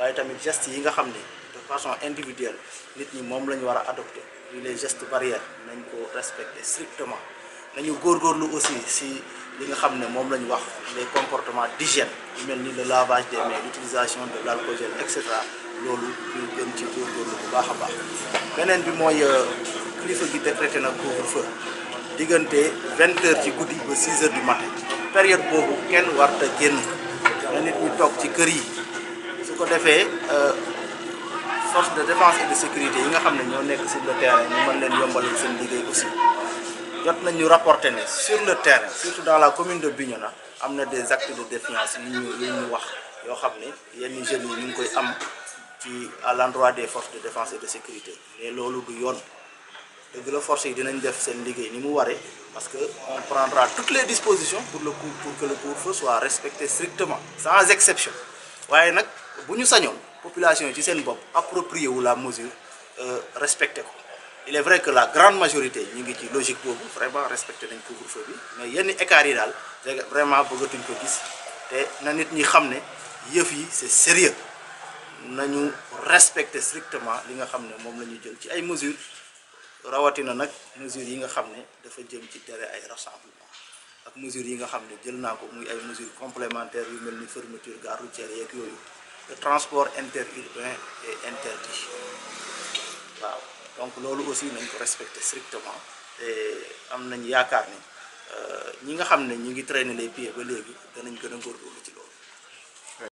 waaye tamit gestes yi nga xam ni de façon individuelle nit ñi moom la ñu war a adopté li les gestes barrières nañ ko respecté strictement nañu lu aussi si li nga xam ne moom la ñu wax les comportements d'hygiène yu mel ni le lavage des mains l'utilisation de l'alcool gel et cetera loolu ñu gën ci góor góorgóorlu bu baax a baax beneen bi mooy euh, kilifa gi décrété na couvre-feu diggante vingt heures ci guddi ba six heures du matin période boobu kenn warta génn na nit ñi toog ci kër yi su ko defee euh, force de défense et de sécurité yi nga xamné ñoo nekk sur le terrain ñu mën leen yombalal seen liggéey aussi jot nañ ñu rapporter né sur le terrain surtout dans la commune de Bignona am des actes de défiance yu ñu yu ñu wax yo xamné yenn jeunes yi ñu koy am ci à l'endroit des forces de défense et de sécurité mais lolu du yoon dëgg la force yi dinañ def seen liggéey ni mu waré parce que on prendra toutes les dispositions pour le pour que le couvre soit respecté strictement sans exception waaye nak bu ñu sañoon population ci seen bopp approprié wu la mesure euh, respecté ko il est vrai que la grande majorité ñi ngi ci logique boobu vraiment respecté nañ couvre-feu bi mais yenn écart yi daal vraiment bëggatuñ ko gis te na nit ñi xam ne yëf yi c'est sérieux nañu respecter strictement li nga xam ne moom la ñu jël ci ay mesures rawatina nag mesures yi nga xam ne dafa jëm ci tere ay rassemblement ak mesures yi nga xam ne jël naa ko muy ay mesures complémentaires yu mel ni fermeture gare routière yeeg yooyu le transport interurbain est interdit waaw donc nous aussi nous ko respecter strictement Et am nañ yaakaar ni euh, ñi nga xam ne ñu ngi traîner les pieds ba léegi danañ gën a góorgóorlu